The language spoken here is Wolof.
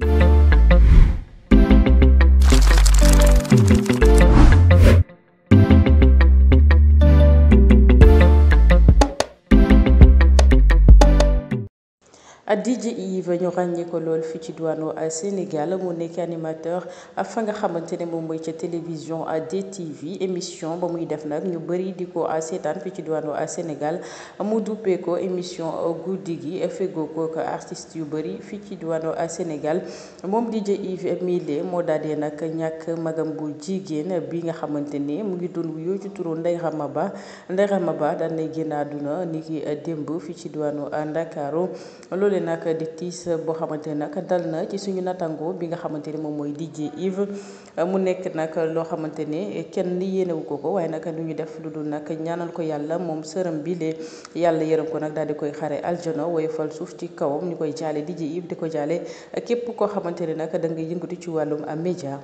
Thank you DJ Yves ñu ràññee ko lool fii ci diwaanu Sénégal mu nekk animateur fa nga xamante ne moom mooy ca télévision DTV émission ba muy def nag ñu bari di ko seetaan fii ci diwaanu Sénégal mu duppee ko émission guddi gi fegoo ko yu bëri fii ci diwaanu Sénégal moom DJ Yves Mille moo daadee nag ñàkk magam bu jigéen bi nga xamante ne mu ngi doon wuyoo ci turu Ndeye Rama Ba Ndeye Rama Ba daan nay duna àdduna ni ki démb fii ci diwaanu Ndakaaru loolu loolee nag di tiis boo xamante ne nag dal na ci suñu natango bi nga xamante ni moom mooy DJ Yves mu nekk nag loo xamante ni kenn yéenewu ko ko waaye nag lu ñu def lu dul nag ñaanal ko yàlla moom sërëm bi lee yàlla yërëm ko nag daal di koy xare aljana woyofal suuf ci kawam ñu koy jaale DJ Yves di ko jaale képp koo xamante ne nag da nga yëngatu ci wàllum média